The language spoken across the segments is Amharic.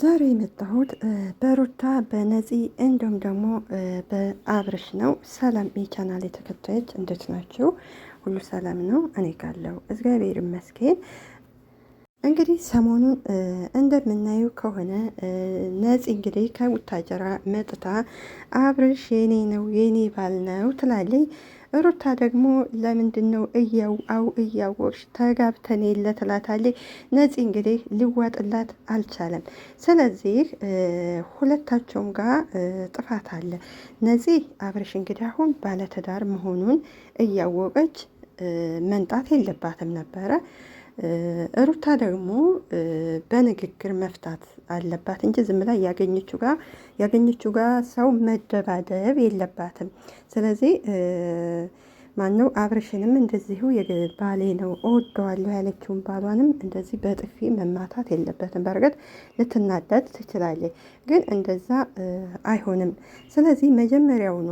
ዛሬ የመጣሁት በሩታ በነፂ እንዲሁም ደግሞ በአብርሽ ነው። ሰላም የቻናል የተከታዮች እንዴት ናቸው? ሁሉ ሰላም ነው? እኔ ካለው እግዚአብሔር ይመስገን። እንግዲህ ሰሞኑን እንደምናየው ከሆነ ነፂ እንግዲህ ከቡታጀራ መጥታ አብርሽ የኔ ነው የኔ ባል ነው ትላለች። ሩታ ደግሞ ለምንድን ነው እያው እያወቅሽ ተጋብተን የለ ትላታለች። ነፂ እንግዲህ ሊዋጥላት አልቻለም። ስለዚህ ሁለታቸውም ጋር ጥፋት አለ። ነፂ አብረሽ እንግዲህ አሁን ባለትዳር መሆኑን እያወቀች መንጣት የለባትም ነበረ። ሩታ ደግሞ በንግግር መፍታት አለባት እንጂ ዝም ላይ ያገኘችው ጋር ያገኘችው ጋር ሰው መደባደብ የለባትም። ስለዚህ ማነው አብርሽንም እንደዚሁ ባሌ ነው እወደዋለሁ ያለችውን ባሏንም እንደዚህ በጥፊ መማታት የለበትም። በእርግጥ ልትናደድ ትችላለች፣ ግን እንደዛ አይሆንም። ስለዚህ መጀመሪያውኑ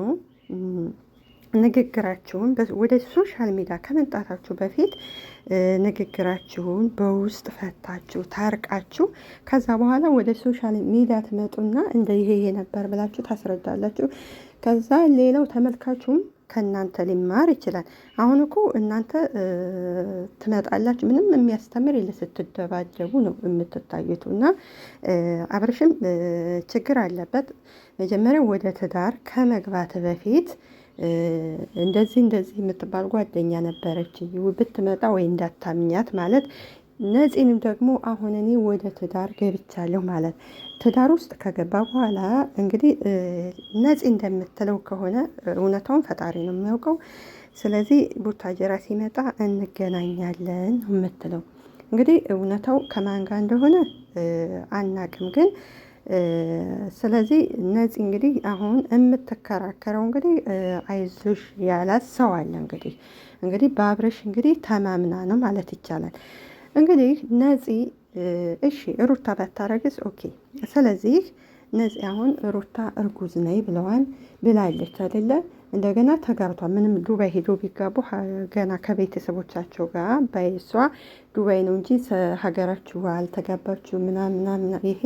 ንግግራችሁን ወደ ሶሻል ሚዲያ ከመንጣታችሁ በፊት ንግግራችሁን በውስጥ ፈታችሁ ታርቃችሁ ከዛ በኋላ ወደ ሶሻል ሚዲያ ትመጡና እንደ ይሄ ይሄ ነበር ብላችሁ ታስረዳላችሁ። ከዛ ሌላው ተመልካችሁም ከእናንተ ሊማር ይችላል። አሁን እኮ እናንተ ትመጣላችሁ፣ ምንም የሚያስተምር የለ፣ ስትደባደቡ ነው የምትታዩቱ። እና አብርሽም ችግር አለበት። መጀመሪያ ወደ ትዳር ከመግባት በፊት እንደዚህ እንደዚህ የምትባል ጓደኛ ነበረች ብትመጣ ወይ እንዳታምኛት ማለት ነፂንም ደግሞ አሁን እኔ ወደ ትዳር ገብቻለሁ ማለት ትዳር ውስጥ ከገባ በኋላ እንግዲህ ነፂ እንደምትለው ከሆነ እውነታውን ፈጣሪ ነው የሚያውቀው። ስለዚህ ቡታጀራ ሲመጣ እንገናኛለን ነው የምትለው። እንግዲህ እውነታው ከማን ጋር እንደሆነ አናቅም ግን ስለዚህ ነፂ እንግዲህ አሁን የምትከራከረው እንግዲህ አይዞሽ ያላት ሰው አለ እንግዲህ እንግዲህ በአብረሽ እንግዲህ ተማምና ነው ማለት ይቻላል። እንግዲህ ነፂ እሺ ሩታ ባታረግዝ ኦኬ። ስለዚህ ነፂ አሁን ሩታ እርጉዝ ነይ ብለዋል ብላለች አይደለ? እንደገና ተጋብቷል። ምንም ዱባይ ሄዶ ቢጋቡ ገና ከቤተሰቦቻቸው ጋር ባይሷ ዱባይ ነው እንጂ ሀገራችሁ አልተጋባችሁ ምናምን ይሄ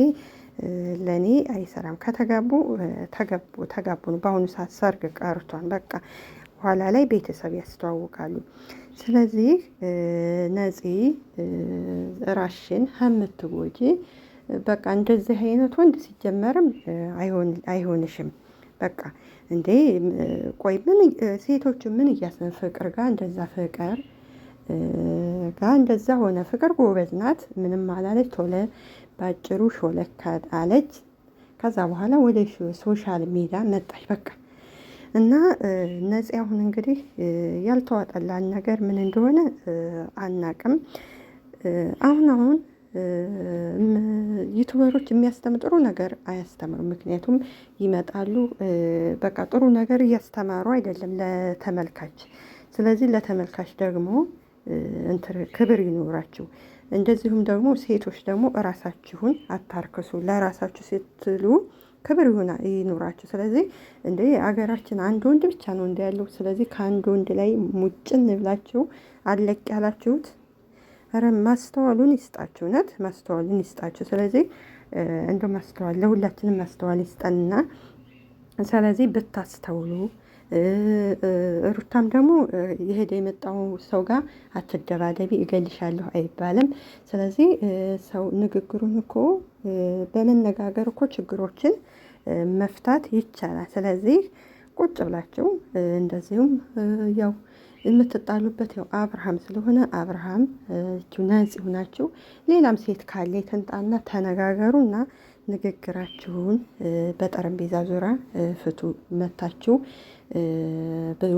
ለኔ አይሰራም። ከተጋቡ ተገቡ ተጋቡ ነው። በአሁኑ ሰዓት ሰርግ ቀርቷን በቃ ኋላ ላይ ቤተሰብ ያስተዋውቃሉ። ስለዚህ ነፂ ራሽን ከምትጎጂ በቃ እንደዚህ አይነት ወንድ ሲጀመርም አይሆንሽም። በቃ እንዴ ቆይ ምን ሴቶቹ ምን እያስነ ፍቅር ጋር እንደዛ ፍቅር ጋር እንደዛ ሆነ። ፍቅር ጎበዝ ናት፣ ምንም አላለች። ቶለ ባጭሩ ሾለክ አለች። ከዛ በኋላ ወደ ሶሻል ሚዲያ መጣች። በቃ እና ነፂ አሁን እንግዲህ ያልተዋጠላን ነገር ምን እንደሆነ አናቅም። አሁን አሁን ዩቱበሮች የሚያስተምር ጥሩ ነገር አያስተምሩም። ምክንያቱም ይመጣሉ፣ በቃ ጥሩ ነገር እያስተማሩ አይደለም ለተመልካች። ስለዚህ ለተመልካች ደግሞ ክብር ይኖራችሁ። እንደዚሁም ደግሞ ሴቶች ደግሞ እራሳችሁን አታርክሱ፣ ለራሳችሁ ስትሉ ክብር ይኖራችሁ። ስለዚህ እንደ አገራችን አንድ ወንድ ብቻ ነው እንደ ያለው። ስለዚህ ከአንድ ወንድ ላይ ሙጭን ብላችሁ አለቅ ያላችሁት ኧረ ማስተዋሉን ይስጣችሁ፣ እውነት ማስተዋሉን ይስጣችሁ። ስለዚህ እንደ ማስተዋል ለሁላችንም ማስተዋል ይስጠንና ስለዚህ ብታስተውሉ ሩታም ደግሞ የሄደ የመጣው ሰው ጋር አትደባደቢ እገልሻለሁ አይባልም። ስለዚህ ሰው ንግግሩን እኮ በመነጋገር እኮ ችግሮችን መፍታት ይቻላል። ስለዚህ ቁጭ ብላችሁ እንደዚሁም ያው የምትጣሉበት ያው አብርሃም ስለሆነ አብርሃም ነጽ ሆናችሁ ሌላም ሴት ካለ የተንጣና ተነጋገሩ ተነጋገሩና ንግግራችሁን በጠረጴዛ ዙሪያ ፍቱ። መታችሁ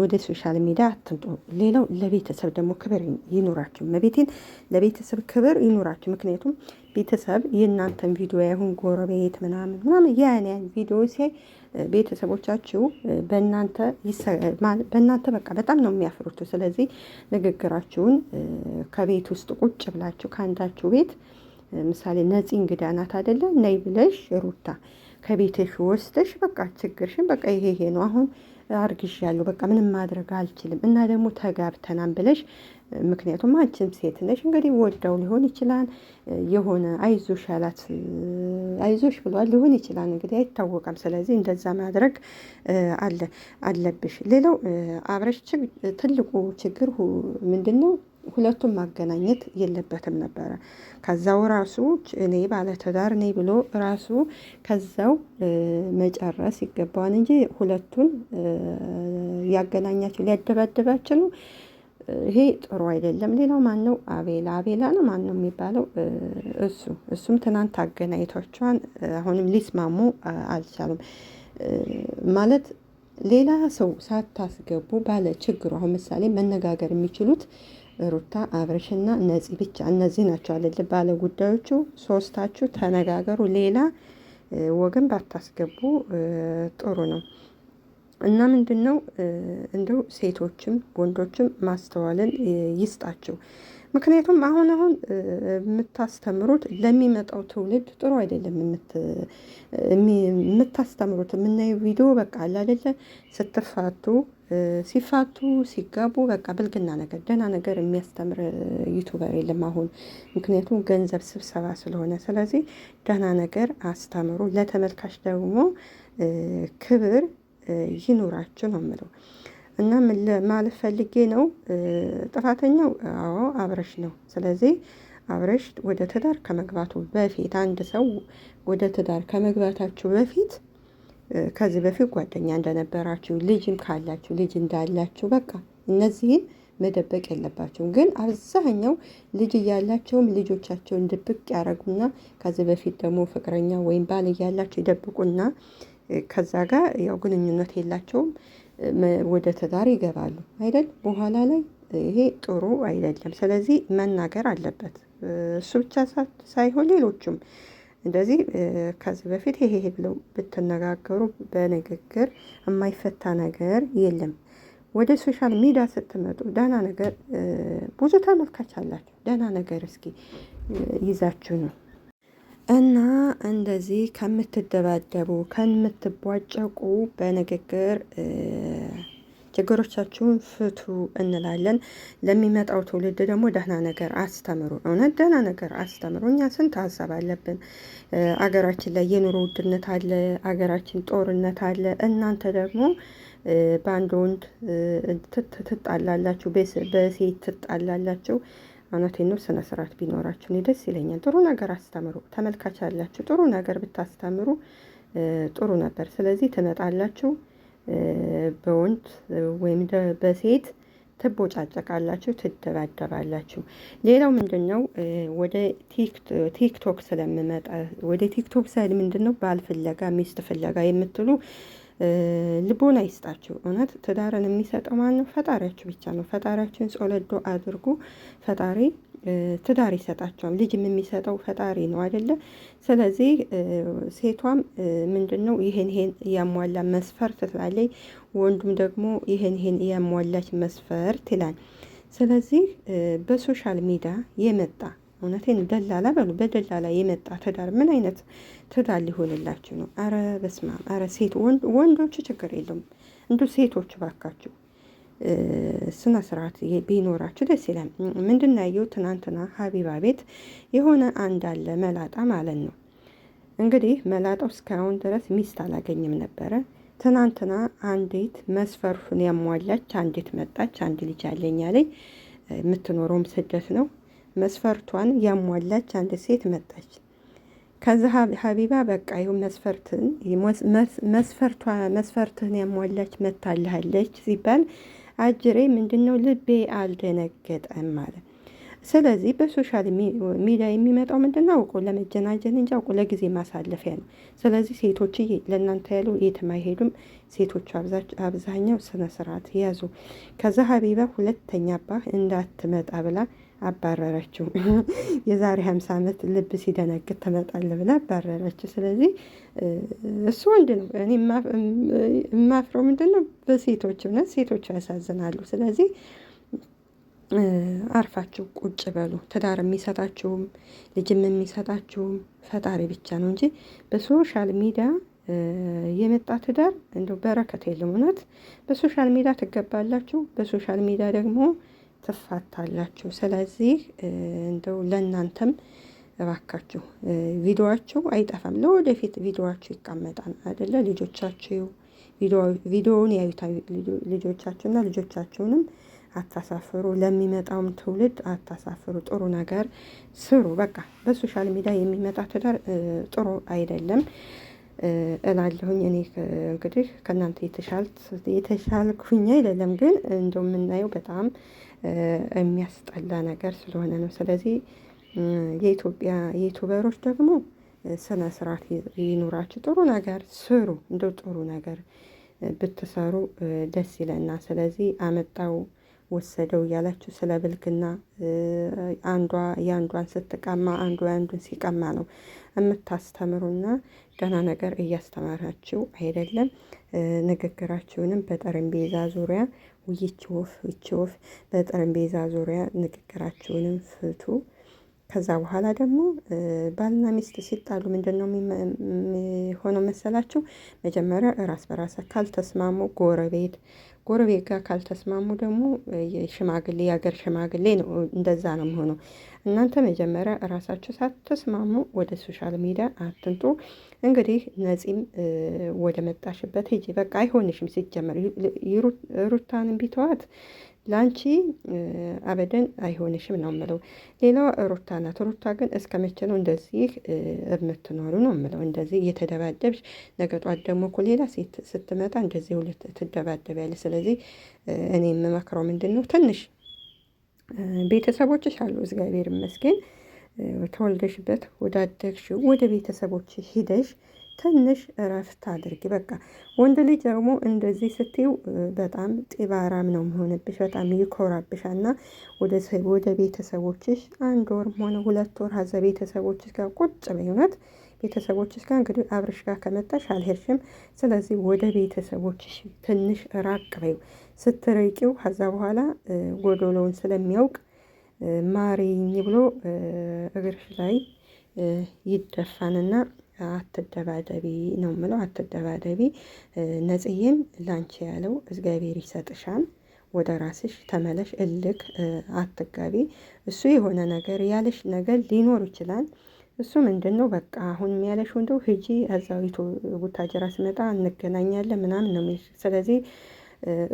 ወደ ሶሻል ሚዲያ አትምጡ። ሌላው ለቤተሰብ ደግሞ ክብር ይኑራችሁ። መቤቴን ለቤተሰብ ክብር ይኑራችሁ። ምክንያቱም ቤተሰብ የእናንተን ቪዲዮ ያሁን ጎረቤት ምናምን ምናምን ያን ያን ቪዲዮ ሲያይ ቤተሰቦቻችሁ በእናንተ በቃ በጣም ነው የሚያፍሩት። ስለዚህ ንግግራችሁን ከቤት ውስጥ ቁጭ ብላችሁ ከአንዳችሁ ቤት ምሳሌ ነፂ እንግዳ ናት አይደለ? ነይ ብለሽ ሩታ ከቤትሽ ወስደሽ በቃ ችግርሽን በቃ ይሄ ይሄ ነው አሁን ያለው በቃ ምንም ማድረግ አልችልም እና ደግሞ ተጋብተናን ብለሽ ምክንያቱም አንቺም ሴት ነሽ እንግዲህ ወዳው ሊሆን ይችላል የሆነ አይዞሽ ያላት አይዞሽ ብሏል ሊሆን ይችላል እንግዲህ አይታወቀም። ስለዚህ እንደዛ ማድረግ አለ አለብሽ ሌላው አብረሽ ትልቁ ችግር ምንድን ነው ሁለቱን ማገናኘት የለበትም ነበረ። ከዛው ራሱ እኔ ባለትዳር ነኝ ብሎ ራሱ ከዛው መጨረስ ይገባዋል እንጂ ሁለቱን ያገናኛቸው ሊያደባደባቸው ነው። ይሄ ጥሩ አይደለም። ሌላው ማን ነው? አቤላ አቤላ ነው ማን ነው የሚባለው? እሱ እሱም ትናንት አገናኝቷቸዋን አሁንም ሊስማሙ አልቻሉም። ማለት ሌላ ሰው ሳታስገቡ ባለ ችግሩ አሁን ምሳሌ መነጋገር የሚችሉት ሩታ አብረሽና ነፂ ብቻ እነዚህ ናቸው አለል ባለ ጉዳዮቹ። ሶስታችሁ ተነጋገሩ። ሌላ ወገን ባታስገቡ ጥሩ ነው እና ምንድን ነው እንደው ሴቶችም ወንዶችም ማስተዋልን ይስጣችሁ። ምክንያቱም አሁን አሁን የምታስተምሩት ለሚመጣው ትውልድ ጥሩ አይደለም። የምታስተምሩት የምናየው ቪዲዮ በቃ አለ አይደለ ስትፋቱ ሲፋቱ ሲጋቡ በቃ ብልግና ነገር ደህና ነገር የሚያስተምር ዩቱበር የለም አሁን። ምክንያቱም ገንዘብ ስብሰባ ስለሆነ፣ ስለዚህ ደህና ነገር አስተምሩ። ለተመልካች ደግሞ ክብር ይኑራችሁ ነው የምለው እና ማለት ፈልጌ ነው። ጥፋተኛው አዎ አብረሽ ነው። ስለዚህ አብረሽ ወደ ትዳር ከመግባቱ በፊት አንድ ሰው ወደ ትዳር ከመግባታችሁ በፊት ከዚህ በፊት ጓደኛ እንደነበራችሁ ልጅም ካላችሁ ልጅ እንዳላችሁ በቃ እነዚህን መደበቅ የለባቸውም። ግን አብዛኛው ልጅ እያላቸውም ልጆቻቸውን ድብቅ ያደረጉና ከዚህ በፊት ደግሞ ፍቅረኛ ወይም ባል እያላቸው ይደብቁና ከዛ ጋር ያው ግንኙነት የላቸውም፣ ወደ ትዳር ይገባሉ አይደል? በኋላ ላይ ይሄ ጥሩ አይደለም። ስለዚህ መናገር አለበት እሱ ብቻ ሳይሆን ሌሎቹም እንደዚህ ከዚህ በፊት ይሄ ይሄ ብለው ብትነጋገሩ በንግግር የማይፈታ ነገር የለም። ወደ ሶሻል ሚዲያ ስትመጡ ደህና ነገር ብዙ ተመልካች አላችሁ። ደህና ነገር እስኪ ይዛችሁ ነው እና እንደዚህ ከምትደባደቡ ከምትቧጨቁ በንግግር ችግሮቻችሁን ፍቱ እንላለን። ለሚመጣው ትውልድ ደግሞ ደህና ነገር አስተምሩ። እውነት ደህና ነገር አስተምሩ። እኛ ስንት ሀሳብ አለብን። አገራችን ላይ የኑሮ ውድነት አለ፣ አገራችን ጦርነት አለ። እናንተ ደግሞ በአንድ ወንድ ትጣላላችሁ፣ በሴት ትጣላላችሁ። እውነቴን ነው። ስነ ስርዓት ቢኖራችሁ እኔ ደስ ይለኛል። ጥሩ ነገር አስተምሩ። ተመልካች አላችሁ፣ ጥሩ ነገር ብታስተምሩ ጥሩ ነበር። ስለዚህ ትመጣላችሁ በወንድ ወይም በሴት ትቦጫጨቃላችሁ ትደባደባላችሁ። ሌላው ምንድነው ወደ ቲክቶክ ስለምመጣ ወደ ቲክቶክ ሳይድ ምንድነው ባል ፍለጋ ሚስት ፍለጋ የምትሉ ልቦና ይስጣችሁ። እውነት ትዳርን የሚሰጠው ማን ነው? ፈጣሪያችሁ ብቻ ነው። ፈጣሪያችሁን ጾለዶ አድርጉ። ፈጣሪ ትዳር ይሰጣቸዋል። ልጅም የሚሰጠው ፈጣሪ ነው አይደለ? ስለዚህ ሴቷም ምንድን ነው ይሄን ይሄን እያሟላ መስፈርት ትላለች፣ ወንዱም ደግሞ ይሄን ይሄን እያሟላች መስፈርት ይላል። ስለዚህ በሶሻል ሚዲያ የመጣ እውነቴን ደላላ በሉ በደላላ የመጣ ትዳር ምን አይነት ትዳር ሊሆንላችሁ ነው? አረ በስማም! አረ ሴት ወንዶች ችግር የለውም እንዱ ሴቶች ባካችሁ ስነስርዓት ስርዓት ቢኖራችሁ ደስ ይላል። ምንድን ያየው ትናንትና ሀቢባ ቤት የሆነ አንድ አለ መላጣ ማለት ነው። እንግዲህ መላጣው እስካሁን ድረስ ሚስት አላገኝም ነበረ። ትናንትና አንዲት መስፈርቱን ያሟላች አንዲት መጣች። አንድ ልጅ አለኝ አለኝ የምትኖረውም ስደት ነው። መስፈርቷን ያሟላች አንድ ሴት መጣች። ከዛ ሀቢባ በቃ ይሁን መስፈርትን መስፈርቷ መስፈርትህን ያሟላች መታልሃለች ሲባል አጅሬ ምንድነው ልቤ አልደነገጠም አለ። ስለዚህ በሶሻል ሚዲያ የሚመጣው ምንድነው አውቆ ለመጀናጀን እንጂ አውቆ ለጊዜ ማሳለፊያ ነው። ስለዚህ ሴቶች ለእናንተ ያሉ የትም አይሄዱም። ሴቶች አብዛኛው ስነ ስርዓት ያዙ። ከዛ ሀቢባ ሁለተኛ ባህ እንዳትመጣ ብላ አባረረችው። የዛሬ ሀምሳ ዓመት ልብ ሲደነግጥ ትመጣለህ ብላ አባረረችው። ስለዚህ እሱ ወንድ ነው። እኔ የማፍረው ምንድን ነው በሴቶች እምነት ሴቶች ያሳዝናሉ። ስለዚህ አርፋችሁ ቁጭ በሉ። ትዳር የሚሰጣችሁም ልጅም የሚሰጣችሁም ፈጣሪ ብቻ ነው እንጂ በሶሻል ሚዲያ የመጣ ትዳር እንደው በረከት የለም። እውነት በሶሻል ሚዲያ ትገባላችሁ። በሶሻል ሚዲያ ደግሞ ትፋታላችሁ። ስለዚህ እንደው ለእናንተም እባካችሁ ቪዲዮዋችሁ አይጠፋም፣ ለወደፊት ቪዲዮዋችሁ ይቀመጣል አይደለ? ልጆቻችሁ ቪዲዮውን ያዩታ ልጆቻችሁና ልጆቻችሁንም አታሳፍሩ። ለሚመጣውም ትውልድ አታሳፍሩ። ጥሩ ነገር ስሩ። በቃ በሶሻል ሚዲያ የሚመጣ ትዳር ጥሩ አይደለም። እላለሁኝ። እኔ እንግዲህ ከእናንተ የተሻልኩኝ አይደለም፣ ግን እንደምናየው በጣም የሚያስጠላ ነገር ስለሆነ ነው። ስለዚህ የኢትዮጵያ የዩቱበሮች ደግሞ ስነ ስርዓት ይኑራችሁ። ጥሩ ነገር ስሩ። እንደ ጥሩ ነገር ብትሰሩ ደስ ይለና። ስለዚህ አመጣው ወሰደው እያላችሁ ስለ ብልግና አንዷ የአንዷን ስትቀማ አንዷ የአንዱን ሲቀማ ነው የምታስተምሩና ደህና ነገር እያስተማራችሁ አይደለም። ንግግራችሁንም በጠረጴዛ ዙሪያ ውይች ወፍ ውይች ወፍ በጠረጴዛ ዙሪያ ንግግራችሁንም ፍቱ። ከዛ በኋላ ደግሞ ባልና ሚስት ሲጣሉ ምንድን ነው የሚሆነው መሰላችሁ? መጀመሪያ ራስ በራሳ ካልተስማሙ ጎረቤት ጎረቤት ጋር ካልተስማሙ ደግሞ ሽማግሌ የሀገር ሽማግሌ ነው እንደዛ ነው የሚሆነው። እናንተ መጀመሪያ እራሳችሁ ሳትስማሙ ወደ ሶሻል ሚዲያ አትንጡ። እንግዲህ ነፂም ወደ መጣሽበት ሂጂ። በቃ አይሆንሽም። ሲጀመር ሩታን ቢተዋት ላንቺ አበደን አይሆንሽም ነው የምለው። ሌላዋ ሩታ ናት። ሩታ ግን እስከ መቼ ነው እንደዚህ የምትኖሩ ነው የምለው። እንደዚህ እየተደባደብሽ ነገ ጧት ደግሞ እኮ ሌላ ሴት ስትመጣ እንደዚህ ሁለት ትደባደቢያለሽ። ስለዚህ እኔ የምመክረው ምንድን ነው ትንሽ ቤተሰቦችሽ አሉ እግዚአብሔር ይመስገን ተወልደሽበት ወዳደግሽ ወደ ቤተሰቦች ሂደሽ ትንሽ እረፍት አድርጊ። በቃ ወንድ ልጅ ደግሞ እንደዚህ ስትይው በጣም ጢባራም ነው መሆንብሽ፣ በጣም ይኮራብሻ እና ወደ ቤተሰቦችሽ አንድ ወርም ሆነ ሁለት ወር ሀዘ ቤተሰቦችሽ ጋር ቁጭ በይውነት ቤተሰቦችሽ ጋር እንግዲህ አብርሽ ጋር ከመጣሽ አልሄድሽም። ስለዚህ ወደ ቤተሰቦችሽ ትንሽ ራቅ በይው። ስትረቂው ከዛ በኋላ ጎዶሎውን ስለሚያውቅ ማሪኝ ብሎ እግርሽ ላይ ይደፋንና አትደባደቢ ነው ምለው። አትደባደቢ ነጽዬም ላንቺ ያለው እግዚአብሔር ይሰጥሻል። ወደ ራስሽ ተመለሽ፣ እልክ አትጋቢ። እሱ የሆነ ነገር ያለሽ ነገር ሊኖር ይችላል። እሱ ምንድን ነው በቃ አሁን የሚያለሽ እንደው ህጂ አዛዊቱ ቡታጀራ ስመጣ እንገናኛለን ምናምን ነው ስለዚህ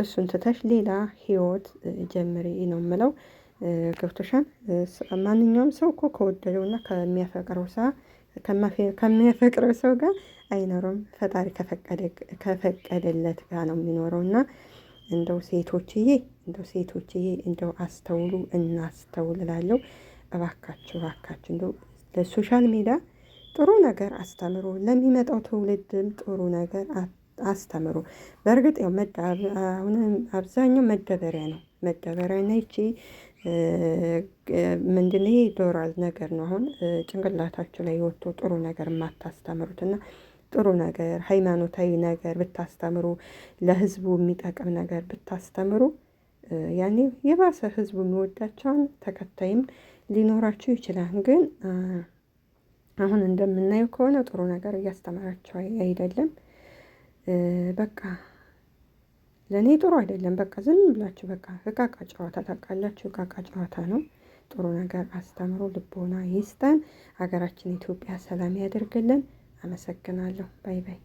እሱን ትተሽ ሌላ ህይወት ጀምሪ ነው ምለው። ገብቶሻል። ማንኛውም ሰው እኮ ከወደደውና ከሚያፈቅረው ሰ ከሚያፈቅረው ሰው ጋር አይኖርም። ፈጣሪ ከፈቀደለት ጋር ነው የሚኖረው እና እንደው ሴቶችዬ እንደው ሴቶችዬ እንደው አስተውሉ ላለው እባካችሁ እባካችሁ እንደው ለሶሻል ሚዲያ ጥሩ ነገር አስተምሩ፣ ለሚመጣው ትውልድም ጥሩ ነገር አስተምሩ። በእርግጥ ያው አሁን አብዛኛው መደበሪያ ነው መደበሪያ ነች። ምንድን ይሄ ዶራል ነገር ነው። አሁን ጭንቅላታችሁ ላይ ወጥቶ ጥሩ ነገር የማታስተምሩት እና ጥሩ ነገር ሃይማኖታዊ ነገር ብታስተምሩ ለህዝቡ የሚጠቅም ነገር ብታስተምሩ ያኔ የባሰ ህዝቡ የሚወዳቸውን ተከታይም ሊኖራቸው ይችላል። ግን አሁን እንደምናየው ከሆነ ጥሩ ነገር እያስተማራቸው አይደለም። በቃ ለእኔ ጥሩ አይደለም። በቃ ዝም ብላችሁ በቃ እቃቃ ጨዋታ ታውቃላችሁ፣ እቃቃ ጨዋታ ነው። ጥሩ ነገር አስተምሮ ልቦና ይስጠን። ሀገራችን ኢትዮጵያ ሰላም ያደርግልን። አመሰግናለሁ። ባይ ባይ።